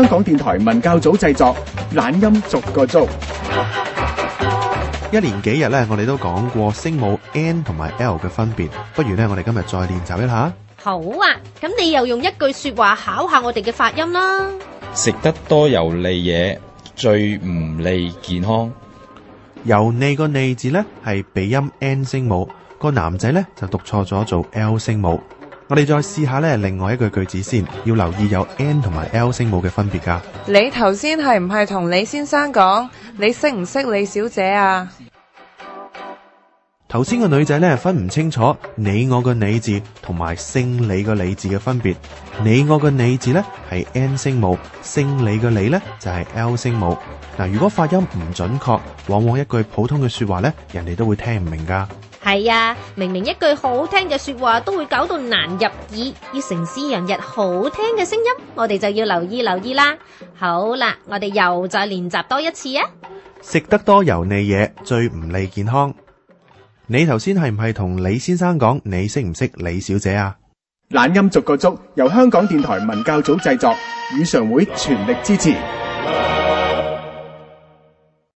香港電台文教組製作，懶音逐個捉。一連幾日咧，我哋都講過聲母 n 同埋 l 嘅分別，不如咧，我哋今日再練習一下。好啊，咁你又用一句說話考下我哋嘅發音啦。食得多油膩嘢最唔利健康。油膩個膩字咧係鼻音 n 聲母，個男仔咧就讀錯咗做 l 聲母。我哋再試下咧，另外一句句子先，要留意有 n 同埋 l 聲母嘅分別噶。你頭先係唔係同李先生講，你識唔識李小姐啊？頭先個女仔咧，分唔清楚你我嘅你字同埋姓李嘅李字嘅分別。你我嘅你字咧係 n 聲母，姓李嘅李咧就係 l 聲母。嗱，如果發音唔準確，往往一句普通嘅說話咧，人哋都會聽唔明噶。係啊，明明一句好聽嘅說話都會搞到難入耳，要成日人日好聽嘅聲音，我哋就要留意留意啦。好啦，我哋又再練習多一次啊！食得多油膩嘢最唔利健康。你頭先係唔係同李先生講，你識唔識李小姐啊？懶音逐個捉，由香港電台文教組製作，語常會全力支持。